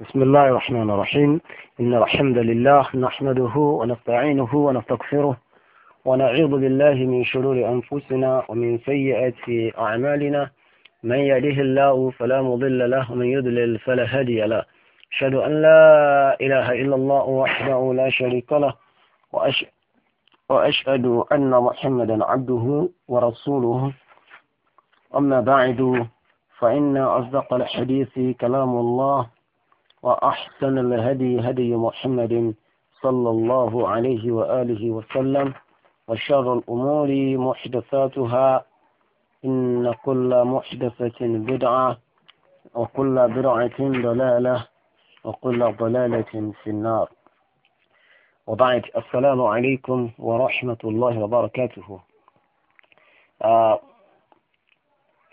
بسم الله الرحمن الرحيم إن الحمد لله نحمده ونستعينه ونستغفره ونعوذ بالله من شرور أنفسنا ومن سيئات أعمالنا من يهده الله فلا مضل له ومن يضلل فلا هادي له أشهد أن لا إله إلا الله وحده لا شريك له وأش... وأشهد أن محمدا عبده ورسوله أما بعد فإن أصدق الحديث كلام الله وأحسن الهدي هدي محمد صلى الله عليه وآله وسلم وشر الأمور محدثاتها إن كل محدثة بدعة وكل بدعة ضلالة وكل ضلالة في النار وبعد السلام عليكم ورحمة الله وبركاته آه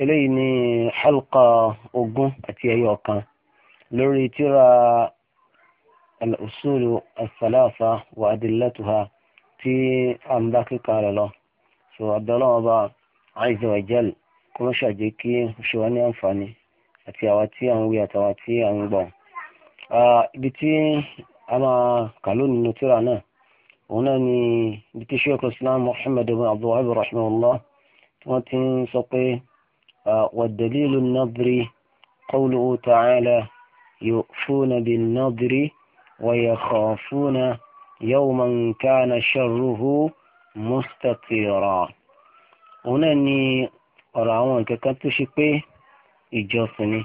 إليني حلقة أجو أتي أيوكا lórí tíra al-usulu al-thalatha wa adillatuha tí a ń bá kíkà rẹ̀ lọ so abdullahi ọba azza wa jal kó má ṣàjẹ́ kí ṣe wá ní àǹfààní àti àwa tí à ń wí àtàwa tí à ń gbọ́ ibi tí a máa kà lónìí nínú tíra náà òun náà ni ibi tí sheikh islam muhammad ibn abdulwahab rahimahullah tí wọ́n ti ń sọ pé والدليل النظري قوله تعالى يؤفون بالنظر ويخافون يوما كان شره مستطيرا هنا ni ọ̀rọ̀ àwọn nǹkan kan tó ṣe pé ìjọsìn ni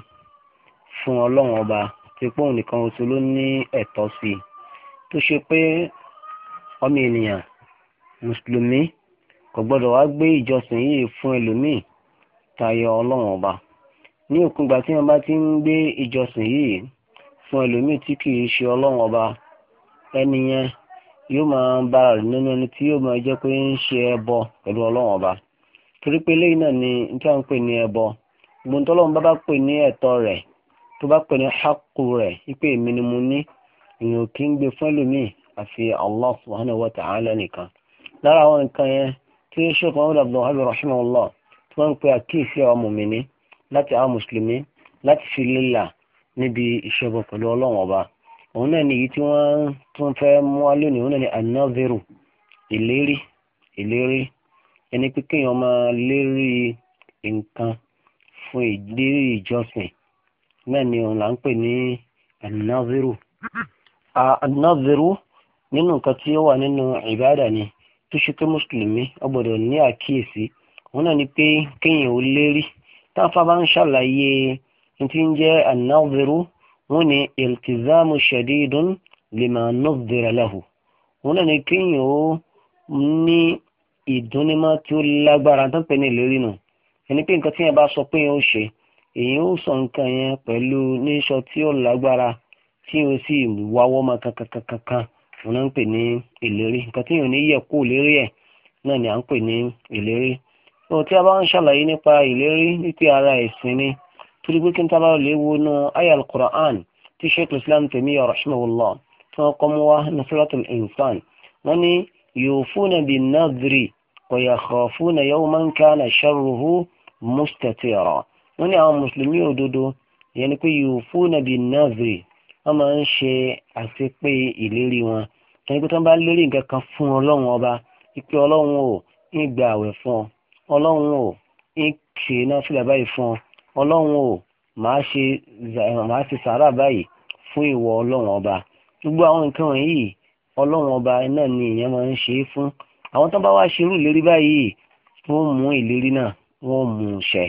fún ọlọ́run ọba tí pé nìkan oṣù ló ní ẹ̀tọ́ sí i tó ṣe pé ọmọ ènìyàn mùsùlùmí kò gbọ́dọ̀ wá gbé ìjọsìn yìí fún ẹlòmíì tayọ ọlọ́run ọba ní òkúngba tí wọn bá ti ń gbé ìjọsìn yìí fún ẹlòmíì tí ṣe ọba ẹni yẹn yóò máa bára rẹ̀ nínú ẹni tí yóò máa jẹ́ pé ń ẹbọ pẹ̀lú ọba torí pé lẹ́yìn náà ni tí a ń pè ní ẹbọ gbogbo tọ́lọ́run bá bá pè ní ẹ̀tọ́ rẹ̀ tó bá pè ní hákù rẹ̀ wípé èmi ni mo ní èèyàn kì gbé fún ẹlòmíì àfi Allah subhanahu wa ta'ala nìkan lára àwọn nǹkan yẹn tí láti àwọn mùsùlùmí láti fi lílà níbi ìṣẹ́gun pẹ̀lú ọlọ́run ọba òun náà ni èyí tí wọ́n tún fẹ́ mú wá lónìí òun náà ni anavero ìlérí ìlérí ẹni pé kéèyàn máa lérí nǹkan fún ìlérí ìjọsìn náà ni òun là ń pè ní anavero anavero nínú nǹkan tí ó wà nínú ìbáàdà ni tó ṣe pé mùsùlùmí ó ní àkíyèsí òun náà ni pé kéèyàn ó lérí táfà bá ń ṣàlàyé tí ń jẹ́ an-nadhiru wọ́n ní iltizamu shadidun lima nudhira lahu wọ́n náà ní kéèyàn ó ní ìdúnnímọ́ tí ó lágbára tó ń pè ní ìlérí nù ẹni pé nǹkan tí yẹn bá sọ pé ó ṣe èyí ó sọ nǹkan yẹn pẹ̀lú níṣọ tí ó lágbára tí ó sì wáwọ́ mọ́ kankankankan wọ́n náà ń pè ní ìlérí nǹkan tí yẹn ò ní yẹ kó ìlérí ẹ̀ náà ni à ń pè ní ìlérí so tí a bá ń ṣàlàyé nípa ìlérí wípé ara ẹ̀sìn ni torí pé kí n tábà lè wo nu aya al-Qur'an tí sheikh islam Taymiyya rahimahullah tí wọ́n kọ́ mú wá ní suratul insan wọ́n ní yufuna bin-nadri wa yakhafuna yawman kana sharruhu mustatira wọ́n ní àwọn mùsùlùmí òdodo ìyẹn ni pé yufuna bin-nadri wọ́n máa ń ṣe àṣepé ìlérí wọn kí wọ́n bá lérí nǹkan kan fún ọlọ́run ọba ìpè ọlọ́run ò ń gba àwẹ̀ fún ọ ọlọ́run ò ń ṣe náfìlà báyìí fún ọ ọlọ́run ò máa ṣe sàárà báyìí fún ìwọ ọlọ́run ọba gbogbo àwọn nǹkan wọ̀nyí ọlọ́run ọba náà ni èèyàn máa ń ṣe é fún àwọn tó bá wá ṣerú ìlérí báyìí wọ́n mú ìlérí náà wọ́n mú un ṣẹ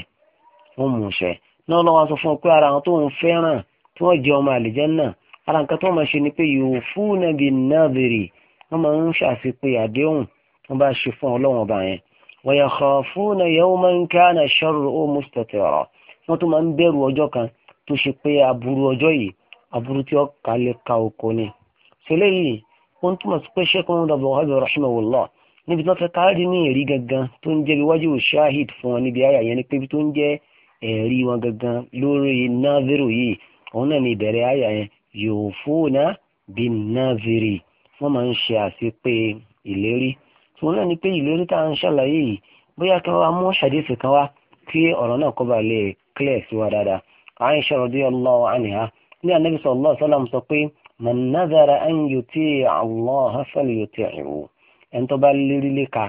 wọ́n mú un ṣẹ náà lọ́wọ́ sọ fún ọ pé ara àwọn tó ń fẹ́ràn tí wọ́n jẹ́ ọmọ àlùjánnà ara nǹkan tó máa ṣe ni pé yòó fún nàbì náà bèrè wọ́n máa ń ṣàṣepé àdéhùn wọ́n bá ṣe fún ọlọ́run ọba yẹn ويخافون يوما كان شره مستترا wọ́n tún máa ń bẹ̀rù ọjọ́ kan tó ṣe pé aburú ọjọ́ yìí aburú tí ó kalẹ̀ ka oko ni. sọlẹ́ yìí wọ́n túmọ̀ sí pé sẹ́kùn ọ̀dọ̀bọ̀ ọ̀hún rahimahullah níbi tí wọ́n fẹ́ káàdì ní ẹ̀rí gangan tó ń jẹ́ bí wájú shahid fún wọn níbi àyà yẹn ni pé tó ń jẹ́ ẹ̀rí wọn gangan lórí náàvírò yìí òun náà ni ìbẹ̀rẹ̀ àyà yẹn yòófóònà bíi náàvírì wọ́n máa ń ṣe àṣepé ìlérí tòun náà ni pé ìlérí tá à ń ṣàlàyé yìí bóyá kí wọ́n mú ṣàdíìsì kan wá kí ọ̀rọ̀ náà kó ba lè clear sí wa dáadáa Aisha radiyallahu anha ní anabi sallallahu alaihi wasallam sọ pé man nadhara an yuti'a Allah falyuti'hu ẹni tó bá lérí léka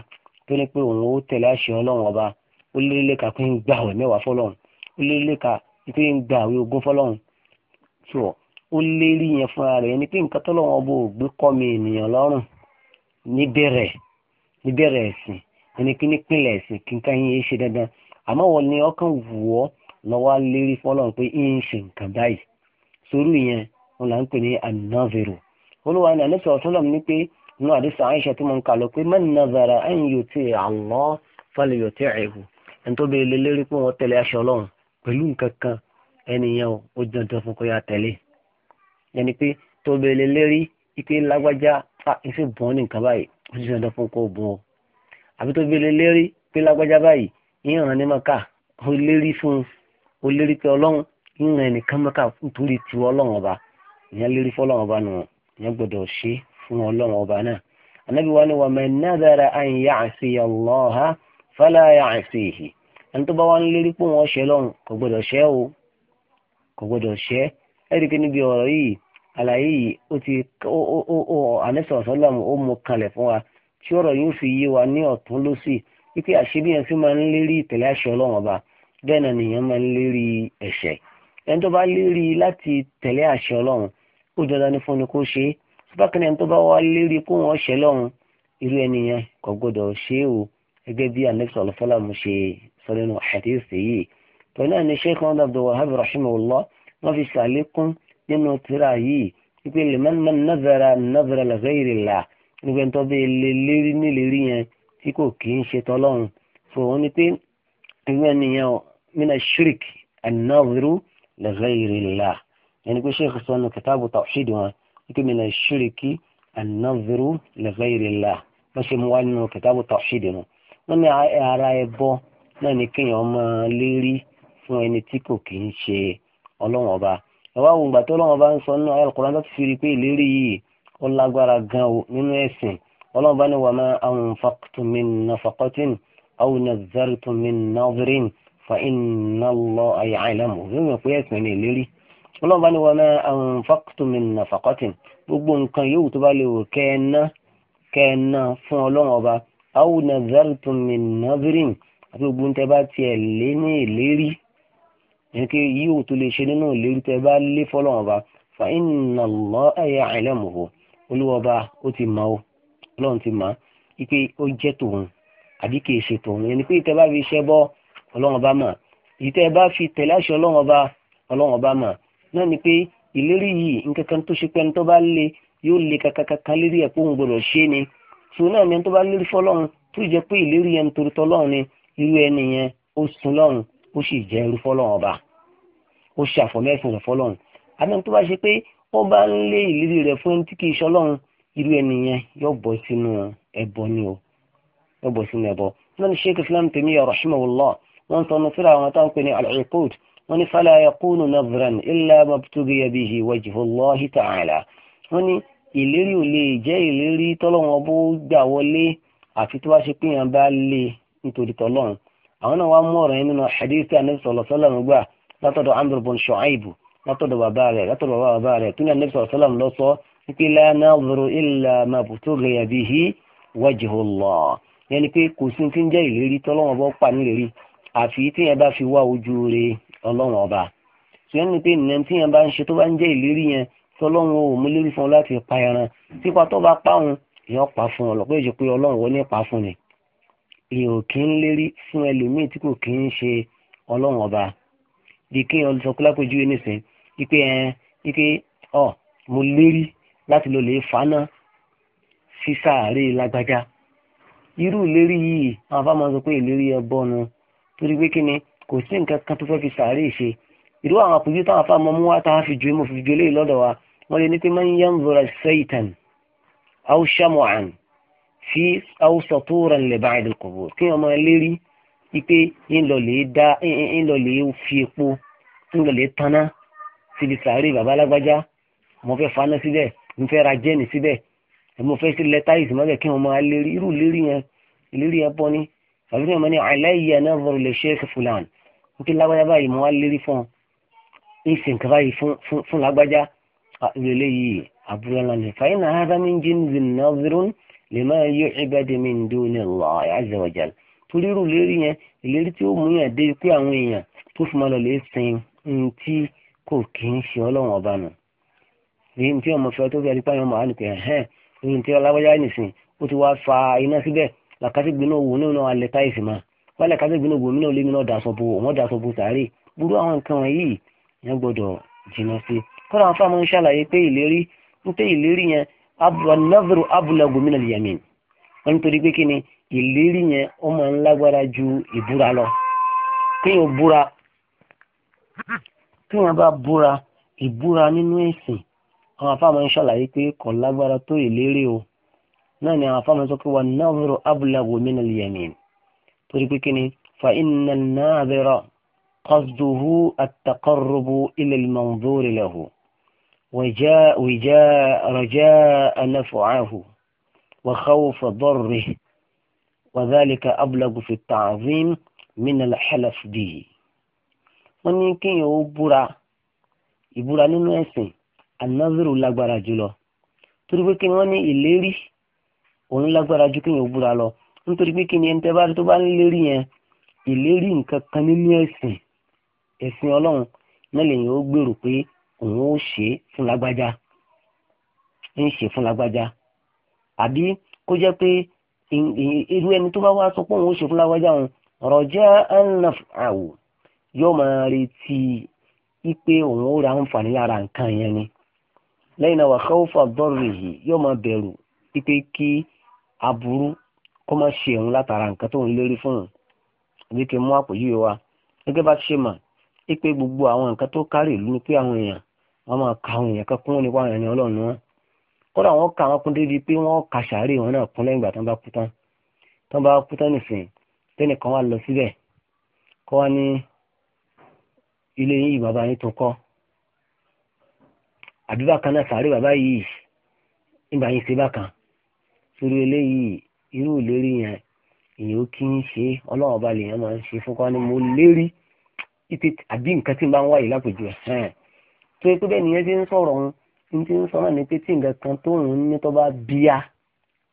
tó ní pé òun ó tẹ̀lé àṣẹ ọlọ́run ọba ó lérí léka pé ń gbà wẹ̀ níbẹ̀rẹ̀ níbẹ̀rẹ̀ ẹ̀sìn ẹni kí nípìnlẹ̀ ẹ̀sìn kí nǹkan yín ṣe dandan àmọ́ wọn ni ọkàn wù ọ́ lọ́wọ́ lérí fọlọ́run pé ń ṣe nǹkan báyìí sórú ìyẹn wọn là ń pè ní anavero olúwa ní àlẹ́ sọ̀rọ̀ sọ́lọ́m ní pé inú àdìsọ àyíṣẹ́ tí mo ń kà lọ pé man nazara an yuti Allah falyuti'hu ẹni tó bẹ lé lérí pé wọ́n tẹ̀lé aṣọ ọlọ́run pẹ̀lú nǹkan kan ẹnìyẹn ó dandan fún kó yá tẹ̀lé ẹni pé tó bẹ lé lérí ipe lágbájá ah, ìfẹ́ bọ́ọ̀ ní nǹkan báyìí ó ti dandan fún kó bùn ọ àbí tó gbélé lérí pé lágbájá báyìí ìran ní maka ó lérí fún ó lérí pé ọlọ́run ìran ẹnìkan maka nítorí ti ọlọ́run ọba ìyẹn lérí fún ọlọ́run ọba nù ìyẹn gbọdọ̀ ṣe fún ọlọ́run ọba náà anabi wa ni wa man nadara an ya'siya Allaha fala ya'sihi ẹni tó bá wà ń lérí pé wọ́n ṣe lọ́run kò gbọdọ̀ ṣe o kò gbọdọ̀ ṣe ẹ́ ẹ́ rí i pé níbi ọ̀rọ̀ yìí àlàyé yìí ó ti ó ànẹ́sọ̀ sọ́lámù ó mú kalẹ̀ fún wa tí ọ̀rọ̀ yóò fi yé wa ní ọ̀tún lọ́sì wípé àṣírí yẹn fi máa ń lérí ìtẹ̀lé àṣẹ ọlọ́run ọba bẹ́ẹ̀ náà nìyẹn máa ń lérí ẹ̀ṣẹ̀ ẹni tó bá lérí láti tẹ̀lé àṣẹ ọlọ́run ó dandan ní fúnni kó ṣe é bákan náà ẹni tó bá wá lérí kó wọn ṣẹ lọ́run irú ẹni yẹn kò gbọdọ̀ ṣe é o gẹ́gẹ́ bí anẹ́sọ̀ sọ́lámù ṣe sọ nínú àdéhùn sí yìí pẹ̀lú àníṣe kan Abdul Wahhab rahimahullah wọ́n fi ṣàlékún nínú tírà yìí wípé lèmọ́nìmọ́n nazara nazara lẹ́gbẹ̀rẹ̀ la nígbà tó bẹ́ẹ̀ lé lérí nílérí yẹn tí kò kì í ṣe tọ́lọ́run so wọ́n ní pé ìwé nìyẹn mina shirik anaziru lẹ́gbẹ̀rẹ̀ la ẹni pé sheikh sọnù kìtàbù tawhid wọn wípé mina shiriki anaziru lẹ́gbẹ̀rẹ̀ la wọ́n ṣe mú wá nínú kìtàbù tawhid wọn wọ́n ní ara ẹbọ náà ní kéèyàn máa lérí fún ẹni tí kò kì í ṣe ọlọ́run ọba ẹ̀wá àwọn ìgbà tó lọ́wọ́ bá ń sọ nínú Al-Qur'an láti fi rí i pé ìlérí yìí ó lágbára gan o nínú ẹ̀sìn ọlọ́run bá ní wa ma anfaqtum min nafaqatin aw nazzartum min nadhrin fa inna Allaha òun yóò pé ẹ̀sìn ní ìlérí ọlọ́run bá ní wa ma anfaqtum min gbogbo nǹkan yòówù tó bá lè wò kẹ́ẹ̀ná fún ọlọ́run ọba aw nazzartum yẹn kí yíò tó lè ṣe nínú ìlérí tẹ bá lé fọlọ́wọ́n ọba fa inna Allaha ya'lamuhu olúwọba ó ti mọ̀ ó ọlọ́run ti mọ̀ ipe ó jẹ́ tòun àbí kìí ṣe tòun yẹn ni pé tẹ bá fi ṣẹ́ bọ́ ọlọ́run ọba mọ̀ èyí tẹ bá fi tẹ̀lé àṣẹ ọlọ́run ọba ọlọ́run ọba mọ̀ náà ni pé ìlérí yìí nkankan tó ṣe pé ẹni tó bá lé yóò lé kankankan lérí ẹ̀ pé òun gbọdọ̀ ṣe ni tòun náà ni ẹni tó bá lérí fọlọ́run tó jẹ́ pé ìlérí yẹn nítorí tọ́lọ́run ni irú ẹni yẹn ó sun lọ́run ó sì jẹ́ irú fọlọ́run ọba ó ṣe àfọmẹ́sìn rẹ̀ fọlọ́run àmì tó bá ṣe pé ó bá ń lé ìlérí rẹ̀ fún ẹni tí kì í ṣọlọ́run irú ẹni yẹn yóò bọ́ sínú ẹbọ ni o yóò bọ́ sínú ẹbọ náà ni sheikh islam Taymiyya rahimahullah wọn sọ ọmọ síra àwọn táwọn pè ní al-Uqud wọn ni fala yakunu nadran illa mabtughiya bihi wajhullahi ta'ala wọn ni ìlérí ò lè jẹ́ ìlérí tọ́lọ́wọ́n bó gbà wọlé àfi tó bá ṣe pé yẹn bá lé e nítorí tọ́lọ́run àwọn náà wá mú ọ̀rọ̀ yẹn nínú hadith anabi sallallahu látọ̀dọ̀ amr bin shu'aibu látọ̀dọ̀ bàbá rẹ̀ látọ̀dọ̀ bàbá bàbá rẹ̀ tún ànábì sallallahu alaihi wasallam ló sọ pé la nadhuru illa ma butughiya bihi wajhullah yẹn ni pé kò sí ti ń jẹ́ ìlérí tọ́lọ́wọ́n bọ́ pa nílérí àfi tí yẹn bá fi wá ojú re ọlọ́wọ́n ọba ṣùgbọ́n ni pé nìyẹn tí yẹn bá ń ṣe tó bá ń jẹ́ ìlérí yẹn tọ́lọ́wọ́n ò mú lérí fún ọ láti pa ẹran sípa tó bá pa èèyàn pa fún ọ lọ́pọ̀ èjì pé ọlọ́run wọ́n ní pa fún ni èèyàn ò kí ń lérí fún ẹlòmíì tí kò kí ń ṣe ọlọ́run ọba bí kí ọ sọ kúlápẹ ju ẹnìsìn wípé ẹ wípé ọ mo lérí láti lọ lè fana sí sàárè lágbájá irú ìlérí yìí àwọn afá máa ń sọ pé ìlérí ẹ bọnu torí pé kí ni kò sí nǹkan kan tó fẹ́ fi sàárè ṣe irú àwọn àpòjú táwọn afá máa mú wá táwọn fi ju mo fi ju eléyìí lọ́dọ̀ wa wọ́n lè ní pé máa ń yá ń zọra sẹ́yìtàn fi aw saturan li kí wọ́n máa lérí ipe ńlọlẹ̀ fi epo ńlọlẹ̀ tanná síbi sàárè bàbá alágbájá mo fẹ́ faná síbẹ̀ mo fẹ́ ra jẹ́ẹ̀nì síbẹ̀ mo fẹ́ sí lẹ́táìsì mọ́bẹ̀ kí wọ́n máa lérí irú lérí yẹn lérí yẹn bọ́ ni àbí sẹ́yìn mọ́ ni àìláyé náà fọ́rọ̀ lè ṣe é fúlàn n kí lágbájá báyìí mo wá lérí fún un ìsìn nǹkan báyìí fún lágbájá ìrẹ̀lẹ̀ yìí àbúrò ńlá ni fàyínà ádámíjì ń zìn náà zirun lè máa yọ ìbàdí mi ń dún ní Allah torí rò lérí yẹn ìlérí tí ó mú yàn dé pé àwọn èèyàn tó fi máa lọ lè sin ohun tí kò kí ń ṣe ọlọ́run ọba nù èyí tí ọmọ fẹ́ tó fi adipá yẹn mọ̀ á nìkan ẹ̀hẹ́n ohun tí ọlábọ́já nìsín ó ti wá fa iná síbẹ̀ làkàtúgbì gbiná wò náà náà alẹ́ táyì máa wọ́n làkàtúgbì náà wò náà bo wọ́n bo sàárè burú àwọn nǹkan wọ̀nyí yẹn gbọ́dọ̀ sí i ìlérí yẹn ó máa ń lágbára ju ìbúra lọ kéèyàn búra kéèyàn bá búra ìbúra nínú ẹ̀sìn àwọn afáàmọ́ ń ṣàlàyé pé kò lágbára tó ìlérí o náà ni àwọn afáàmọ́ sọ pé wà nadhru ablaghu min al-yamin torí pé kíni fa inna an-nadhira qasduhu at-taqarrubu ila al-manzuri lahu wìjá rajaa naf'ahu wa khawfa darrihi. وذلك أبلغ في التعظيم من الحلف به. wọn ní kéèyàn ó búra ìbúra nínú ẹsìn anáfẹ́rù lágbára jùlọ torí pé kí ni wọ́n ní ìlérí òun lágbára ju kéèyàn ó búra lọ nítorí pé kí ni ẹni tẹ́ bá rí tó bá ń lérí yẹn ìlérí nǹkan kan nínú ẹ̀sìn ẹ̀sìn ọlọ́run náà lèyìn ó gbèrò pé òun ó ṣe fún lágbájá ń ṣe fún lágbájá àbí kó jẹ́ pé irú ẹni tó bá wá sọ pé òun ó ṣe fún láwájá òun rọjá ànàfàwò yóò máa retí ipe òun ó ra àǹfààní lára nǹkan yẹn ni lẹ́yìn náà wà káwọ́fà dọ́rọ̀ yìí yóò máa bẹ̀rù ipe kí aburú kó má ṣe òun látara nǹkan tó ń lérí fún òun bí kí n mú àpòyí wa gẹ́gẹ́ bá ṣe mà ipe gbogbo àwọn nǹkan tó kárí ìlú ni pé àwọn èèyàn wọ́n máa ka àwọn èèyàn kan kún wọn nípa àwọn ènìyàn ọlọ́run wọn kódà wọ́n kà wọ́n kún débi pé wọ́n ka sàárè wọn náà kún lẹ́yìn ìgbà tó ń bá kú tán tó ń bá kú tán nìsín tẹ́nìkan wá lọ síbẹ̀ kọ́ wá ní ilé yìí bàbá yín tó kọ́ àdúrà kan náà sàárè bàbá yìí nígbà yín ṣe bákan sórí eléyìí irú ìlérí yẹn èyàn kì í ṣe ọlọ́run ọba lèèyàn máa ń ṣe fún kọ́ni mo lérí àbí nǹkan tí n bá ń wáyé lápèjọ tó yẹ pé bẹ́ẹ̀ nìyẹn ti ń sọ̀rọ̀ ọ̀hún ní tí ń sọ náà ni pé tí nǹkan kan tó ń ní tó bá bíyà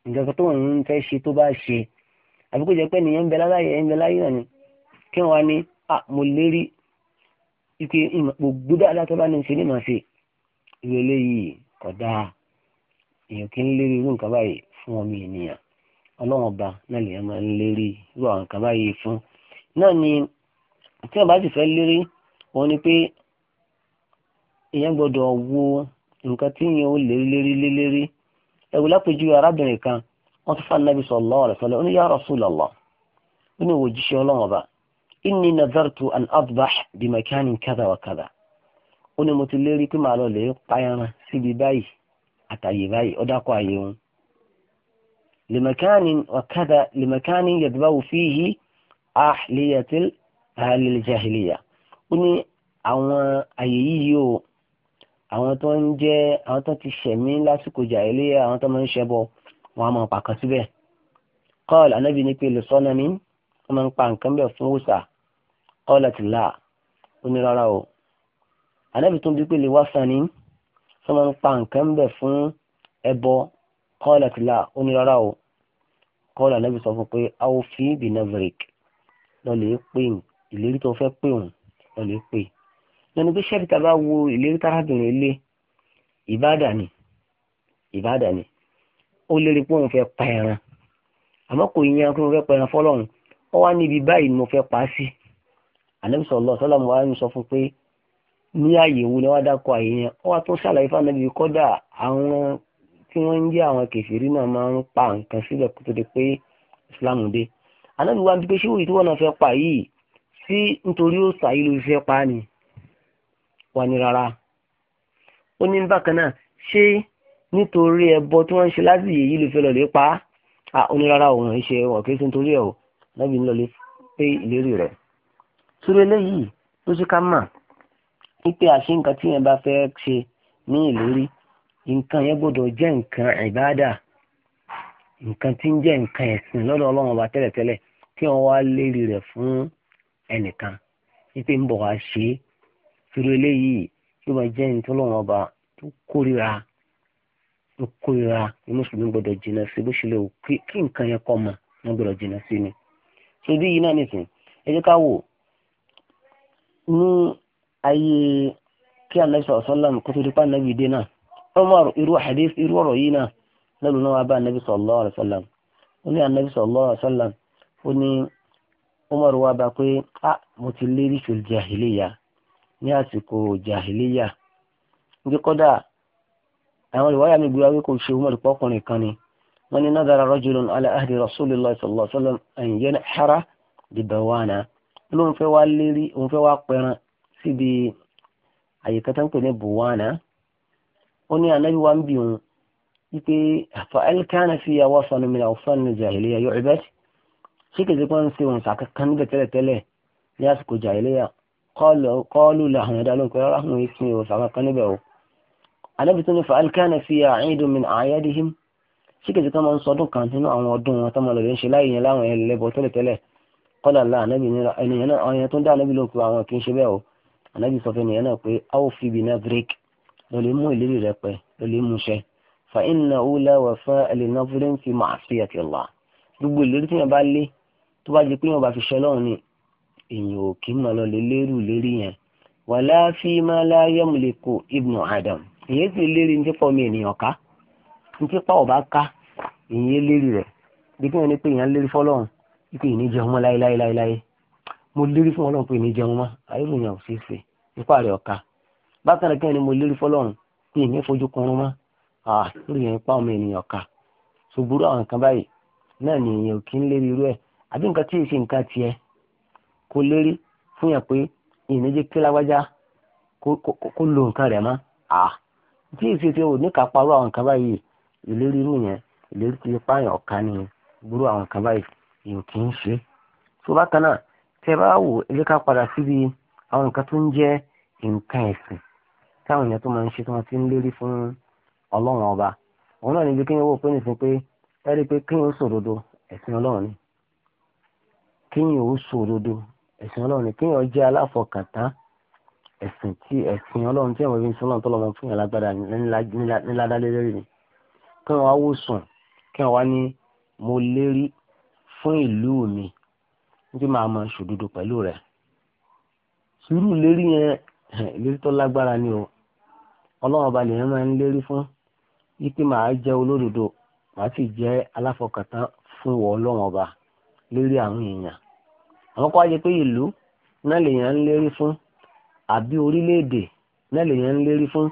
nǹkan kan tó ń fẹ́ ṣe tó bá ṣe àbí kó jẹ́ pé nìyẹn ń bẹ láyé ń bẹ láyé náà ni kí wọ́n wá ní à mo lérí ike gbogbo dáadáa tó bá ní ṣe ní màá ṣe ìwé eléyìí kódà èèyàn kì í lérí irú nǹkan báyìí fún ọmọ ènìyàn ọlọ́wọ́n ọba náà lèèyàn máa ń lérí irú àwọn nǹkan báyìí fún náà ni tí wọ́n bá sì fẹ́ lérí wọn ni pé èèyàn gbọ́dọ̀ wo nǹkan tí yẹn ó lérí lérí lérí ẹ̀wù lápèjú arábìnrin kan wọ́n ti fa nàbì sallallahu alaihi wasallam ó ní ya Rasulullah ó ní òwò jíṣẹ́ ọlọ́wọ́n bá inni nazartu an adbah bi makanin kada wa kada ó ní mo ti lérí pé màá lọ lè payaran síbi báyìí àtàyè báyìí ó dákọ̀ àyè òun limakanin wa kada limakanin yadbahu fihi ahliyatil ahlil jahiliya ó ní àwọn àyè yìí yóò àwọn tó ń jẹ́ àwọn tó ti ṣẹ̀mí lásìkò jàhílíyà àwọn tó máa ń ṣẹbọ wọn a máa pa kan síbẹ̀ kọ́ọ̀lù anábì ní pé lùsọ́nà mi wọ́n máa ń pa nǹkan bẹ̀ fún wùsà kọ́ọ̀lù àti là ó ní rárá o anábì tó ń bí pé lè wá sàn ní máa ń pa nǹkan bẹ̀ fún ẹbọ kọ́ọ̀lù àti là o kọ́ọ̀lù anábì sọ fún pé a ó fi bìnnà lọ́ọ́ lè pè ìlérí tó fẹ́ pè òun lọ́ọ́ lè pè é yẹn ni pé a bá wo ìlérí tárábìnrin ilé ìbádà ni ìbádà ni ó lérí pé òun fẹ́ pa ẹran àmọ́ kò yan pé òun fẹ́ pa ẹran fọlọ́run ó wá níbi báyìí ni mo fẹ́ pa á sí ànábì sallallahu alaihi wasallam wa ń sọ fún pé ni wọ́n yẹn ó wá ṣàlàyé fún ànábì kọ́dà àwọn tí wọ́n ń jẹ́ àwọn náà máa ń pa nǹkan síbẹ̀ kó tó di pé islam dé ànábì ń bí pé ṣé wà ní rárá ó ní bákan náà ṣé nítorí ẹbọ tí wọ́n ń ṣe láti yìí ló fẹ́ lọ lè pa á ó ní rárá òun ṣe wọ̀ kí ṣe nítorí ẹ̀ o lẹ́bi ńlọ lè pé ìlérí rẹ̀ sórí eléyìí ló ṣe ká mà wípé àṣé nǹkan tí yẹn bá fẹ́ ṣe ní ìlérí nǹkan yẹn gbọ́dọ̀ jẹ́ nǹkan ìbáàdà nǹkan tí ń jẹ́ nǹkan ẹ̀sìn lọ́dọ̀ ọlọ́run ọba tẹ́lẹ̀tẹ́lẹ̀ kí wọ́n wá lérí rẹ̀ fún ẹnìkan wípé ń bọ̀ wá ṣe é torí eléyìí yóò máa jẹ́ ní tọ́lọ́wọ́n ọba tó kórira tó kórira ní mùsùlùmí gbọ́dọ̀ jìnnà sí bó ṣe lè wò kí nǹkan yẹn kọ́ mọ̀ ní gbọ́dọ̀ jìnnà sí ni. sojú yìí náà nìsín ẹ jẹ́ ká wò ní ayé kí anabi sọ̀rọ̀ sọ́lọ́mù kó tó di pa anabi dé náà Umar irú hadith irú ọ̀rọ̀ yìí náà lọ́dún náà wá bá anabi sallallahu alaihi wasallam ó ní anabi sallallahu alaihi wasallam ó ní Umar wá bá pé ah mo ti lérí fil jahiliya ní àsìkò jahiliya níbi kọ́dà àwọn ìwáyà mi gbéra wípé kò ṣe umar pọ́kùnrin kan ni wọ́n ní nadara rajulun ala ahdi rasulillah sallallahu alaihi wasallam an yanhara dibawana lóun fẹ́ wá lérí òun fẹ́ wá pẹran síbi àyíká tó ń pè ní buwana ó ní anabi wa ń bì òun wípé fa'al kana fiya wasan min awsan jahiliya yu'bad ṣé kìí ṣe pé ń ṣe sàkàkàn níbẹ̀ tẹ́lẹ̀tẹ́lẹ̀ ní àsìkò jahiliya kọ́ọ̀lù làwọn ẹ̀dá ló ń pẹ́ rárá àwọn ìsìn òòsàn kankan níbẹ̀ o anábì tó ní fa alikana fi àìdùn mi àyàdìhìm síkèsì tó máa ń sọdún kan nínú àwọn ọdún wọn tó máa lọ́dún ṣe láyé yẹn láwọn ẹlẹ́bọ tẹ́lẹ̀tẹ́lẹ̀ kọ́lá la anábì ní ẹnìyẹn náà ọyàn tó ń dá anábì ló pé àwọn kì í ṣe bẹ́ẹ̀ o anábì sọ fún ẹnìyẹn náà pé a fi bìnà drake ló lè mú ìlérí rẹ pẹ ló mú ṣẹ fa iná wúlá wà fún ẹlẹ́nàfúrẹ́ǹsì máa fi àti ọ̀la gbogbo ìlérí tí yẹn bá lé tó bá jẹ pé yẹn bá fi ṣẹ lọ́run ni èyàn ò kí mọ̀ lọ́lẹ̀ lérú lérí yẹn wàlá fi máa la yamliku ibnu adam èyàn sì lérí ní pọ̀ mi ènìyàn ká ní pípa ọ̀bá ká èyàn lérí rẹ̀ bí kí wọ́n pé èyàn lérí fọlọ́run ipò ìní jẹun mọ́ mo lérí fún ọlọ́run pé ìní jẹun mọ́ àìròyìn ò ṣeé ṣe nípa rẹ̀ bákan náà kí mo lérí fọlọ́run pé ìní ipa ọmọ ènìyàn kó lérí fún yàn pé ìníjẹ kíláwájá kó lo nǹkan rẹ̀ mọ́ à tí ìṣe ti ò ní ká parọ́ àwọn nǹkan báyìí ìlérí irú yẹn ìlérí ti pààyàn ọ̀kan ni burú àwọn nǹkan báyìí yìí kì í ṣe. tó bákan náà tẹ bá wò ká padà síbi àwọn nǹkan tó ń nǹkan táwọn èèyàn tó máa ń ṣe tí ti ń lérí fún ọba òun náà níbi wò pé nìsín pé ẹ rí i pé ó ẹ̀sìn ọlọ́run kéèyàn jẹ́ aláfọkàntán ẹ̀sìn tí ẹ̀sìn ọlọ́run tí ẹ̀wọ̀n fi ń sọ́lọ́run tó lọ́mọ fún yàn lágbára níládálé lórí kí wọ́n wá sùn kí wọ́n wá ní mo lérí fún ìlú mi nítorí màá mọ ṣòdodo pẹ̀lú rẹ̀ sùúrù lérí yẹn tó lágbára o ọlọ́run ọba máa ń lérí fún màá jẹ́ olódodo màá sì jẹ́ fún ọba lérí àwọn èèyàn àwọn kọ́ wáyé pé ìlú náà lèèyàn ń lérí fún àbí orílẹ̀-èdè náà lèèyàn ń lérí fún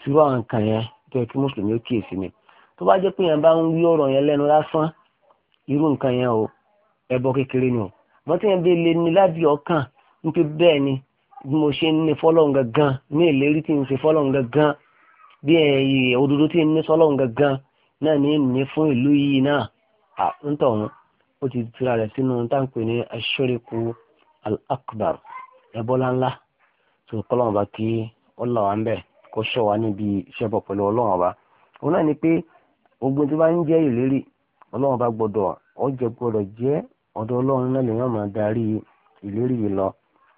ṣùgbọ́n àwọn nǹkan yẹn tó yẹ kí mùsùlùmí ó kíyèsí ni tó bá jẹ́ pé yẹn bá ń wí ọ̀rọ̀ yẹn lẹ́nu lásán irú nǹkan yẹn o ẹbọ kékeré ni o wọ́n ti yẹn bí lè ní lábì ọkàn ń pé bẹ́ẹ̀ ni bí mo ṣe ń ní fọ́lọ́hun gangan ní ìlérí tí ń ṣe fọ́lọ́hun gangan bí òdodo tí ń ní sọ́lọ́hun gangan náà ní ní fún ìlú yìí náà ń tọ̀hún ó ti tira rẹ̀ sínú táǹpì ní aṣọ́rẹ́kù al-akbar ẹ̀bọ́lá ńlá tó kọ́lọ́mù bá kí ó là wá ń bẹ̀ kó ṣọ́ wa níbi iṣẹ́ bọ̀ pẹ̀lú ọlọ́run ọba òun náà ni pé ogun tí bá ń jẹ́ ìlérí ọlọ́run bá gbọ́dọ̀ ọjọ́ gbọ́dọ̀ jẹ́ ọ̀dọ̀ ọlọ́run náà lèèyàn máa darí ìlérí yìí lọ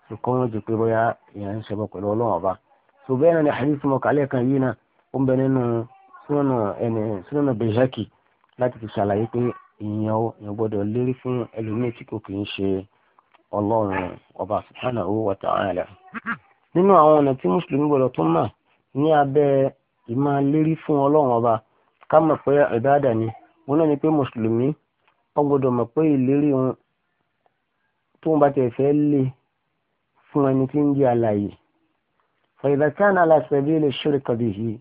tó kọ́ wọn jù pé bóyá èèyàn ń ṣe bọ̀ pẹ̀lú ni ìyẹn ìyẹn gbọ́dọ̀ lérí fún ẹlòmíì tí kò kì í ṣe ọlọ́run ọba subhanahu wa ta'ala. nínú àwọn ọ̀nà tí mùsùlùmí gbọ́dọ̀ tún mà ní abẹ́ ìmọ̀ lérí fún ọlọ́run ọba ká mọ̀ pé ìbáàdà ni wọn náà ni pé mùsùlùmí wọn gbọ́dọ̀ mọ̀ pé ìlérí wọn tó ń bá tẹ̀ fẹ́ lé fún ẹni tí ń jẹ́ àlàyé fàyìbàkánà aláṣẹbí lè ṣòro kàbí yìí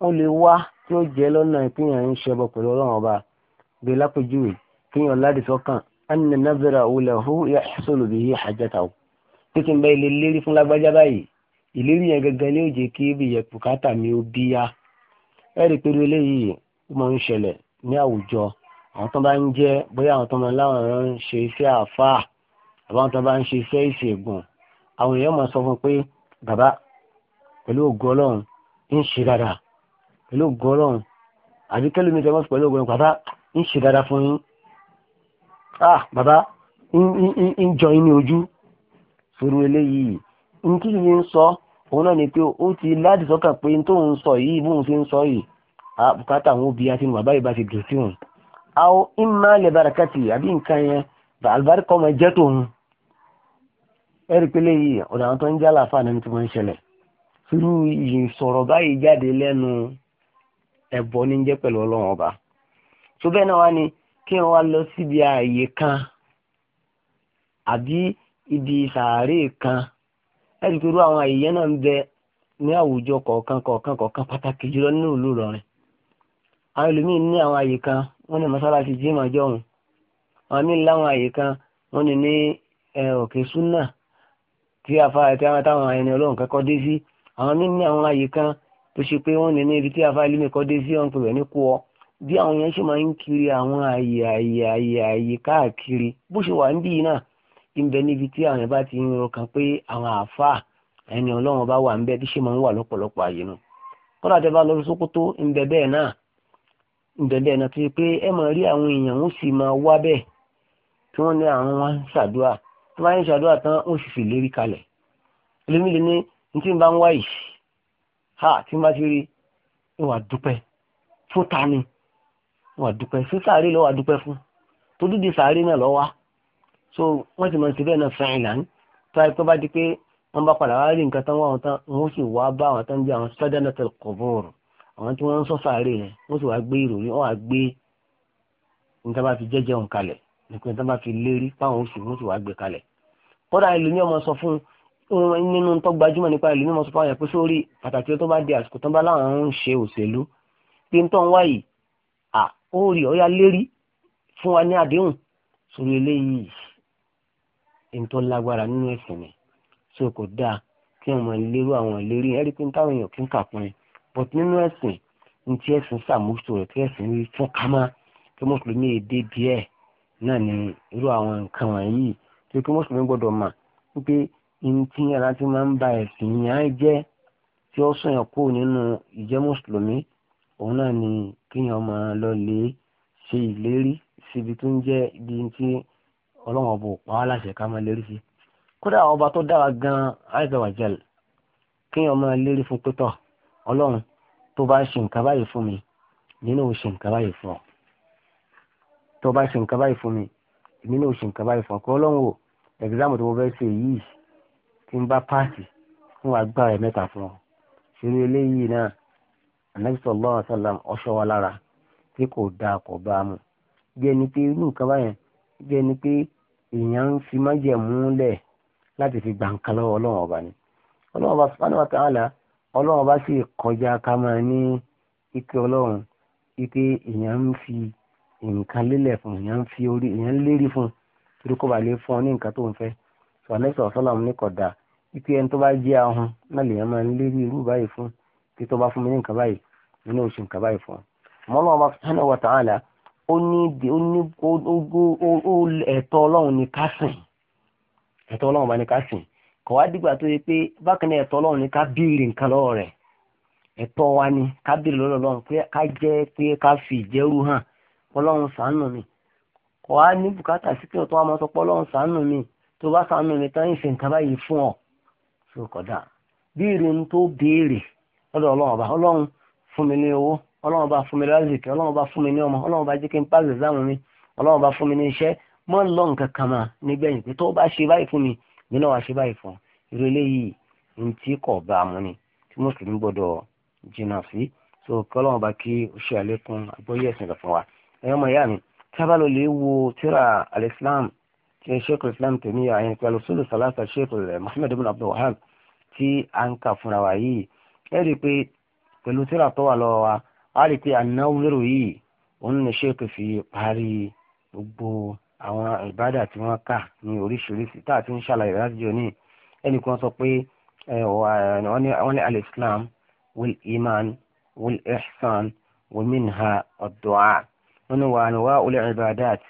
wọn lè wá tí ó jẹ́ lọ́nà ìpínyà ń ṣẹbọ pẹ̀lú ọlọ́run ọba bí lápẹjúwe kíyàn láti sọ́kàn anna nazara ulahu yahsulu bihi hajatahu pé kí n bá ilé lérí fún lágbájá báyìí ìlérí yẹn gangan ni ó jẹ́ kí ibi yẹn bùkátà mi ó bí ya ẹ rí i pé eléyìí ó máa ń ṣẹlẹ̀ ní àwùjọ àwọn tó bá ń jẹ́ bóyá àwọn tó máa láwọn ń ṣe iṣẹ́ àfáà àwọn tó bá ń ṣe iṣẹ́ ìṣègùn àwọn èèyàn máa sọ fún pé bàbá pẹ̀lú ògo ọlọ́run ń ṣe dáadáa pẹ̀lú ògo ọlọ́run àbí kẹ́lómi tẹ́ mọ́ pẹ̀lú ògo ọlọ́run bàbá ń ṣe dáadáa fún yín ah bàbá ń jọ yín ní ojú sórí eléyìí n kí yìí ń sọ òun náà ni pé ó ti láti sọ́kà pé n tóun sọ yìí bóun ṣe ń sọ yìí ah bùkátà àwọn òbí àti bàbá yìí bá ti dùn sí òun àwọn ìmọ̀ lè barakati àbí nǹkan yẹn àlùbáríkà ọmọ jẹ́ tòun ẹ̀rí pé léyìí ọ̀dọ̀ àwọn tó ń jálà fáànà ní ti wọ́n ń ṣẹlẹ̀ irú báyìí jáde lẹ́nu ẹ̀bọ ní jẹ́ pẹ̀lú ọlọ́run ọba tó bẹ́ẹ̀ náà wá ní kí wọ́n wá lọ síbi ààyè kan àbí ibi sàárè kan ẹ̀rí pẹ̀lú àwọn ààyè yẹn náà ń bẹ ní àwùjọ kọ̀ọ̀kan kọ̀ọ̀kan kọ̀ọ̀kan pàtàkì jùlọ nínú ìlú Ìlọrin àwọn ẹlòmíín ní àwọn kan wọ́n ní jim àjọhùn àwọn míín láwọn ààyè kan wọ́n ní ní òkè súnà tí afárá tí táwọn ẹni ọlọ́run kẹ́kọ́ kan tó ṣe pé wọ́n ní ní ibi tí ọ bí àwọn yẹn ṣe máa ń kiri àwọn àyè àyè àyè àyè káàkiri bó ṣe wà ń bí náà ìbẹ níbi tí àwọn yẹn ti ń rọkàn pé àwọn àáfàá ẹni ọlọ́run bá wà ń bẹ ṣe máa wà lọ́pọ̀lọpọ̀ àyè nù. kọ́lá tẹ bá lọ sókótó bẹ́ẹ̀ náà bẹ́ẹ̀ náà ti pé àwọn èèyàn ó sì máa wá bẹ́ẹ̀ tí wọ́n ní àwọn ṣàdúrà tí wọ́n wọn dúpẹ́ sí sáré lọ́wọ́ dúpẹ́ fún tó dúdú sáré náà lọ́wọ́ so wọ́n ti mọ̀ sí bẹ́ẹ̀ náà fẹ́ràn ìlànà tó àìpẹ́ bá di pé wọ́n bá padà wá rí nǹkan tán wọ́n tán wọ́n sì wá bá àwọn tán bí àwọn sọ́dánátẹ̀l kọ̀bọ̀ọ̀rù àwọn tí wọ́n ń sọ sáré rẹ̀ wọ́n sì wá gbé ìròyìn wọ́n wá gbé nǹkan bá fi jẹ́jẹ́ òun kalẹ̀ nǹkan tán bá fi lérí páwọn oṣù wọ́n sì wá gbé kalẹ̀ kódà ẹlòmíì ọmọ sọ fún nínú tó gbajúmọ̀ nípa ẹlòmíì ọmọ sọ fún àwọn yẹn pé sórí pàtàkì tó bá di àsìkò tán bá láwọn ń ṣe òṣèlú pé ń tọ́ ń wáyìí ó rí ọ̀yá lérí fún wa ní àdéhùn sórí eléyìí ìtọ́ lágbára nínú ẹ̀sìn ni so kò dáa kí ọmọ ìlérú àwọn ìlérí ẹ̀rí pé táwọn èèyàn kí ń kà fún ẹ but nínú ẹ̀sìn ní tí ẹ̀sìn sàmójútó rẹ̀ kí ẹ̀sìn rí fún kámá kí mùsùlùmí èdè díẹ̀ náà ni irú àwọn nǹkan wọ̀nyí tí kí mùsùlùmí gbọ́dọ̀ mà wípé ní tí yàrá ti máa ń ba ẹ̀sìn yàn án jẹ́ tí ó sọ̀yàn kúrò nínú ìjẹ́ mùsùlùmí òun náà ni kíyàn máa lọ lè ṣe ìlérí síbi tó ń jẹ́ ibi tí ọlọ́run ọ̀bọ̀ pa á láṣẹ ká máa lérí sí kódà ọba tó dára gan-an azza wa jal kíyàn máa lérí fún pétọ́ ọlọ́run tó bá ṣe nǹkan báyìí fún mi nínú ṣe nǹkan báyìí fún ọ tó bá ṣe nǹkan báyìí fún mi èmi ṣe nǹkan báyìí fún ọ pé ọlọ́run wò ẹ̀gírámù tó mo fẹ́ ṣe yìí tí ń bá páàsì fún agbára ẹ̀ fún ọ ṣeré eléyìí náà anabi sallallahu alaihi wasallam ọṣọ wa lára tí kò dáa kò bá a mu bí ẹni pé irú nǹkan báyẹn bí ẹni pé èèyàn ń fi májẹ̀mú lẹ̀ láti fi gbà lọ́wọ́ ọlọ́run ọba ni ọlọ́run ọba subhanahu wa ta'ala ọlọ́run ọba sì kọjá ká máa ní ike ọlọ́run ike èèyàn ń fi nǹkan lélẹ̀ fún èèyàn ń fi orí èèyàn ń lérí fún torí kó ba lè fún ọ ní nǹkan tó ń fẹ́ sọ anabi sallallahu alaihi wasallam ní kódà ike ẹni tó bá jẹ́ ahun náà lèèyàn kí tó bá fún mi ní nǹkan báyìí nínú oṣù nǹkan báyìí fún un mọ́ lọ́wọ́ bá subhanahu wa ta'ala ó ní ó ní ó ẹ̀tọ́ ọlọ́run ní ká sìn ẹ̀tọ́ ọlọ́run bá ní ká sìn kọ̀ wá dìgbà tó yẹ pé bákan náà ẹ̀tọ́ ọlọ́run ní ká béèrè nǹkan lọ́wọ́ rẹ̀ ẹ̀tọ́ wa ni ká béèrè lọ́dọ̀ ọlọ́run pé ká jẹ́ pé ká fi ìjẹ́rú hàn ọlọ́run ṣàánú mi kọ̀ wá ní bùkátà sí pé ọ̀tún wa máa sọ pé ọlọ́run ṣàánú mi tó bá ṣàánú mi tán ìfẹ́ nǹkan báyìí fún ọ lọ́dọ̀ ọlọ́run ọba ọlọ́run fún mi ní owó ọlọ́run ọba fún mi ní rásìkì ọlọ́run ọba fún mi ní ọmọ ọlọ́run ọba jẹ́ kí n pàṣẹ sáwọn mi ọlọ́run ọba fún mi ní iṣẹ́ mọ́ ń lọ nǹkan kan mà nígbẹ̀yìn pé tó bá ṣe báyìí fún mi mi náà wá ṣe báyìí fún irú eléyìí ní tí kò bá mu ni tí mùsùlùmí gbọ́dọ̀ jìnnà sí so kí ọlọ́run ọba kí ó ṣe àlékún àgbọ́yé ẹ̀sìn kan fún wa ẹ̀yọ́ mọ̀ ìyá mi tí a bá lọ lè wo tíra al-Islam tí sheikh islam tèmíyà ẹ̀yìn pẹ̀lú sulu salasa sheikh Muhammad ibn Abdul Wahhab tí a ń kà fúnra wa yìí ẹ rí i pé pẹ̀lú tíra tó wà lọ́wọ́ wa a rí i pé anáwúrò yìí òun ní ṣéèkì fi parí gbogbo àwọn ìbádà tí wọ́n kà ní oríṣiríṣi tá a ti ń ṣàlàyé láti jọ ní ẹnì kan sọ pé wọ́n ní al-islam iman wal ihsan wa minha ad wọ́n ní wa anwa'u al-ibadat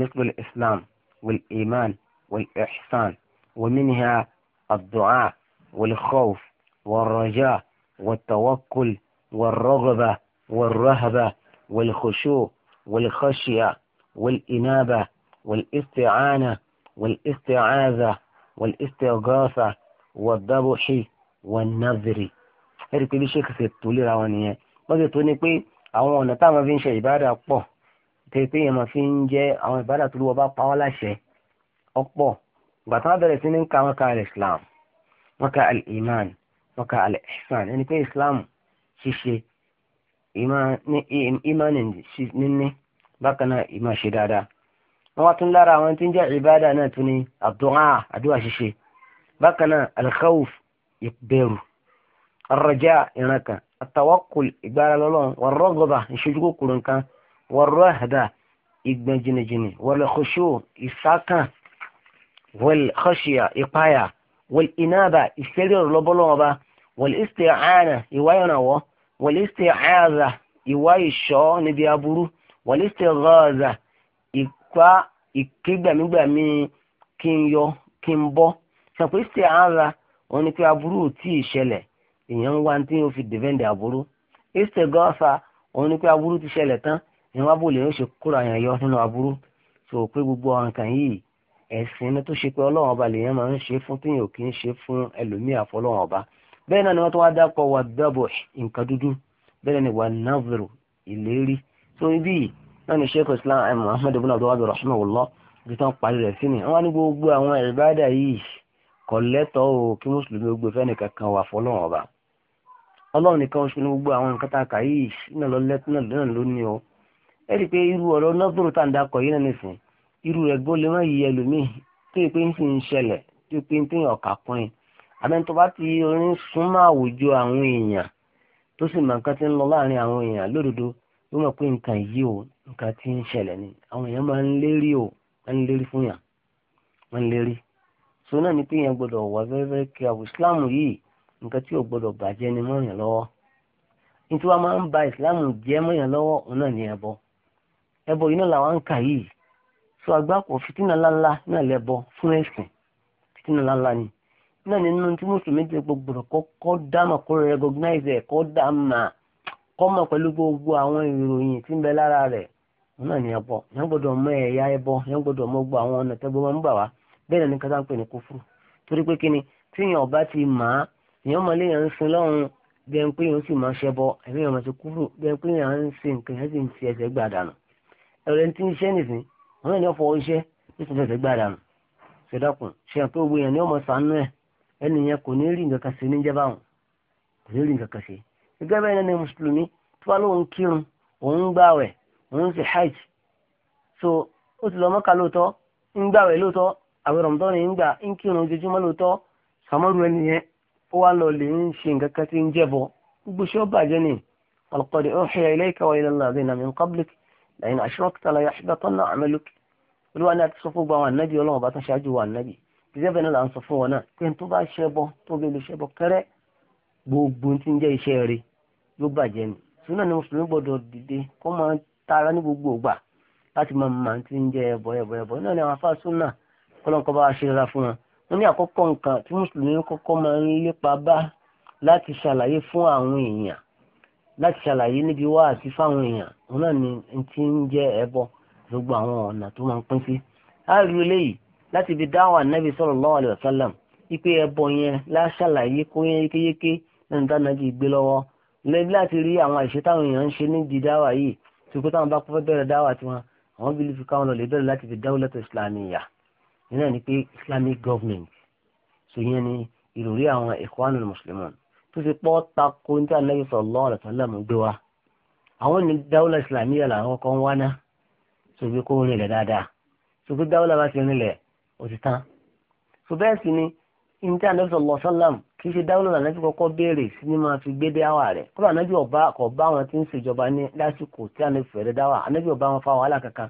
مثل الإسلام والإيمان والإحسان ومنها الدعاء والخوف والرجاء والتوكل والرغبة والرهبة والخشوع والخشية والإنابة والاستعانة والاستعاذة والاستغاثة والذبح والنذر ẹ̀rí pé bí ṣe kìí ṣètò léra wọn nìyẹn wọ́n ṣètò ní pé àwọn ọ̀nà táwọn fi ń ṣe ìbáàdà pọ̀ tẹ́ pé yẹn máa fi ń jẹ́ àwọn ìbáàdà tó lówó bá pa wọ́n láṣẹ ọ̀pọ̀ ìgbà bẹ̀rẹ̀ sí ní ka wọn ka al-Islam wọn ka al-Iman وكا احسان يعني في اسلام شي شي ايمان ايمان شي نني بكنا ايما شي دادا واتن لارا وان تنجا عباده انا تني الدعاء ادوا شي الخوف يقبير الرجاء ينكا التوكل إبارة لون والرغبة يشجعوا كلن كان والرهدة إبن جني جني والخشوع إساكا والخشية إقايا wal inaba ìfẹ́rí ọ̀rọ̀ lọ́bọ́lọ́wọ́ bá wal isti'ana ìwá ìrànwọ́ wal isti'aza ìwá ìṣọ́ níbi aburú wal istighaza ìpa ìkégbàmígbàmí kí n yọ kí n bọ́ ṣàpè isti'aza wọn ni pé aburú ò tí ì ṣẹlẹ̀ èèyàn ń wá tí ó fi dìvẹ́ǹdì aburú istighaza wọn ni pé aburú ti ṣẹlẹ̀ tán ìwọ́n abúlé ó ṣe kóra yẹn yọ nínú aburú sọ pé gbogbo ọ̀ràn kan yìí ẹ̀sìn ni tó ṣe pé ọlọ́run ọba lèèyàn máa ń ṣe fún téèyàn ò kì í ṣe fún ẹlòmíì àfọlọ́run ọba bẹ́ẹ̀ náà ni wọ́n tó wá dápọ̀ wà dábọ̀ nǹkan dúdú bẹ́ẹ̀ ni wà nàvẹ̀rù ìlérí tó ibi yìí náà ni sheikh islam eh, muhammed ibn abdul wahab rahimahullah bí tán parí rẹ̀ sí ni wọ́n ní gbogbo àwọn ìbádà yìí kò o kí mùsùlùmí gbogbo fẹ́ nìkan wà fọlọ́run ọba ọlọ́run nìkan oṣù ní gbogbo àwọn nǹkan tá a kà yìí iru rẹ̀ gbọ́ lè má yí ẹlòmíì tó yẹ pé ń sì ń ṣẹlẹ̀ tó yẹ pé ń téèyàn kà kún yìí àbẹ́ni bá ti orin súnmọ́ àwùjọ àwọn èèyàn tó sì mọ nǹkan tí ń lọ láàrin àwọn èèyàn lódodo ló mọ̀ pé nǹkan yìí o nǹkan ti ń ṣẹlẹ̀ ni àwọn èèyàn máa ń o máa ń lérí fún yàn máa ń lérí so náà ni pé yẹn wà fẹ́fẹ́ kí Islam yìí nǹkan tí ò bàjẹ́ ni mọ́ yàn lọ́wọ́ nítorí ba Islam jẹ́ mọ́ yàn lọ́wọ́ òun náà ni ẹbọ ẹbọ yìí náà làwọn so àgbákò fìtínà ńláńlá náà lẹ́bọ fún ẹ̀sìn fìtínà lala ni náà nínú tí mùsùlùmí ti gbogbo kọ́ dáàmà kó recognize ẹ̀ kọ́ dáàmà kọ́ mọ̀ pẹ̀lú gbogbo àwọn ìròyìn tí ń bẹ lára rẹ̀ wọn náà ní ẹbọ yẹn gbọ́dọ̀ mọ ẹ̀yà ẹbọ yẹn gbọ́dọ̀ mọ gbogbo àwọn ọ̀nà tẹ́gbọ́n máa ń gbà wá bẹ́ẹ̀ ní kátà ń pè ní kúfù torí pé kíni tí èèyàn ọba ti mà á èèyàn mọ̀lẹ́ yẹn ń sin lọ́run bí ẹn pé èèyàn sì máa ṣẹbọ ẹ̀mí èèyàn máa ti kúfù bí ẹn pé èèyàn ń sin nǹkan yẹn sì ń fi ẹsẹ̀ gbà dànù ẹ̀rọ wọn na ní ọ̀fọ̀ iṣẹ́ ní isi fẹsẹ̀ gbàdà nù ṣẹdọkùn ṣe àpé gbogbo èèyàn ní ọmọ sànú ẹ ẹni yẹn kò ní rí nǹkan kan ṣe níjẹba òun kò ní rí nǹkan kan ṣe gẹ́gẹ́ bẹ́ẹ̀ ni mùsùlùmí lóun kírun òun òun hajj so ó ti lọ mọ́ka lóòótọ́ ń gbààwẹ̀ lóòótọ́ àwẹ̀ rọ̀mọ́tọ́ ni ń gbà ń kírun ojoojúmọ́ lóòótọ́ sàmọ́rù ẹni yẹn ó wá lọ lè ń ṣe nǹkan kan tí ń jẹ́bọ gbogbo lẹ́yìn àṣírọ́kítà láyé àṣìbátọ́ náà àmẹ́lùkì olúwa ní àti sọ fún gbọ́ àwọn ànábì ọlọ́run bá tún ṣáájú wa ànábì ìṣẹ́fẹ́ náà là ń sọ fún wọn náà pé tó bá ṣẹbọ tó lè lè ṣẹbọ kẹrẹ gbogbo tí ń jẹ́ iṣẹ́ rẹ̀ yóò bàjẹ́ ni sùn náà ni mùsùlùmí gbọ́dọ̀ dìde kó máa tara ní gbogbo ògbà láti máa máa ti ń jẹ ẹbọ ẹbọ ẹbọ náà ni àwọn afá sùn náà kọlọ́nkọ́ bá ṣe ra fún wọn wọn ní àkọ́kọ́ nǹkan tí mùsùlùmí kọ́kọ́ máa ń lépa bá láti ṣàlàyé fún àwọn èèyàn láti ṣàlàyé níbi wá àti fáwọn èèyàn òun náà ni ti ń jẹ́ ẹbọ gbogbo àwọn ọ̀nà tó máa ń pín sí. a rí eléyìí láti fi dáhùn ànábì sallallahu alaihi wasallam ipe ẹbọ yẹn láṣàlàyé kó yẹn yékéyéké lẹ́nu tá nàbì gbé lọ́wọ́ lẹ́bí láti rí àwọn àìṣe táwọn èèyàn ń ṣe nídìí dáwà yìí tí kó táwọn bá kọ́ fẹ́ bẹ̀rẹ̀ dáwà tiwọn àwọn bí lè fi káwọn lọ lè bẹ̀rẹ̀ láti fi dawlatu islamiyya ìyẹn náà ni pé islamic government so yẹn ni ìròrí àwọn ikhwanul muslimun tó ti pọ́ tako ní tí Ànábì sallallahu alaihi wasallam gbé wa àwọn ní dáwọ́lá islamiyà làwọn kan wá ná sọ̀bí kó rinlẹ̀ dáadáa sọ̀bí dáwọ́lá bá ti rinlẹ̀ ó ti tán sọ sì ni ní tí Ànábì sallallahu alaihi kì í ṣe dáwọ́lá lànàbí kọ́kọ́ béèrè sí ni máa fi gbé dáwà rẹ̀ kọ́lá Ànábì ọba kọ̀ bá wọn ti ń ṣèjọba ní lásìkò tí Ànábì fẹ̀rẹ̀ dáwà Ànábì ọba wọn fa wàhálà kankan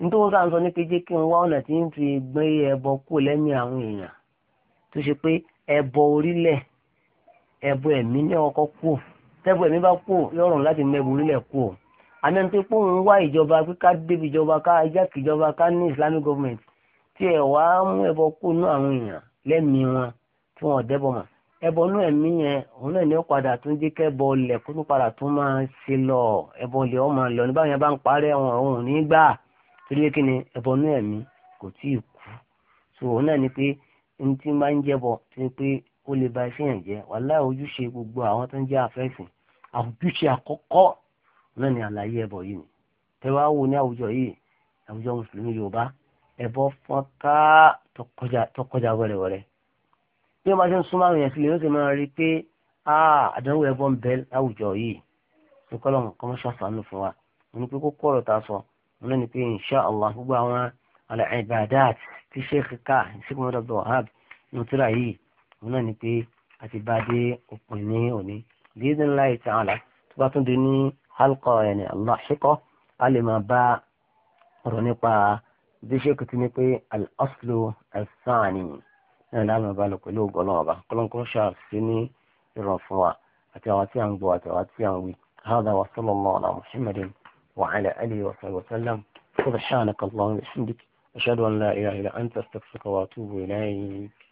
nítorí sáà ń sọ ní pé jẹ́ kí n wá ọ̀nà tí ń fi gbé ẹbọ kú lẹ́mí àwọn èèyàn tó ṣe pé ẹbọ ẹ̀bù ẹ̀mí ní ọkọ̀ kù tẹ́bù ẹ̀mí bá kù yọrùn láti mẹ́bù orílẹ̀ kù àmẹ́ntí pò ń wá ìjọba pé ká débi ìjọba ká ajá kìjọba ká ní islamic government tí ẹ̀ wá mú ẹ̀bọ kù nú àwọn èèyàn lẹ́mìí wọn tí wọn ò dẹ́bọ̀ mọ̀ ẹ̀bọ nú ẹ̀mí yẹn òun náà ní ó padà tún jẹ́ kẹ́bọ lẹ̀ kó tó padà tún máa ṣe lọ ẹ̀bọ lẹ̀ ọmọ lọ ní báyẹn bá ń parẹ́ wọn òun ní gbà torí pé kí ni ẹ̀bọ nú ẹ̀mí kò tí ì kú so òun náà ni pé ní ti máa ń jẹ́bọ tí ni pé ó lè ba iṣẹ́ yẹn jẹ́ wàláhì ojúṣe gbogbo àwọn tó ń jẹ́ àfẹ́sìn ojúṣe àkọ́kọ́ náà ni àlàyé ẹbọ yìí ni tẹ́wá wò ní àwùjọ yìí àwùjọ mùsùlùmí yorùbá ẹbọ fọ́n ká tó kọjá wẹ́rẹ́wẹ́rẹ́ bí wọ́n bá ṣe ń súnmọ́ àwọn èèyàn sílẹ̀ yóò ṣe máa rí i pé àdánwò ẹbọ ń bẹ láwùjọ yìí sọkọlọ nǹkan òun náà ni pé a ti bá dé òpin ní òní bíyẹn ńlá ìta àlá tó bá tún di ní halqa ẹni aláṣekọ a lè máa bá ọ̀rọ̀ nípa bí ṣe kìtì ní pé al-aslu al-thani láàmú bá lọ pẹ̀lú ògbọ́n náà ọba kọ́lọ́nkọ́ ní ìrọ̀ fún wa àti àwọn tí a ń gbọ́ àti àwọn tí a ń wí. هذا وصلى الله على محمد وعلى آله وصحبه وسلم سبحانك اللهم وبحمدك أشهد أن لا إله إلا أنت أستغفرك وأتوب إليك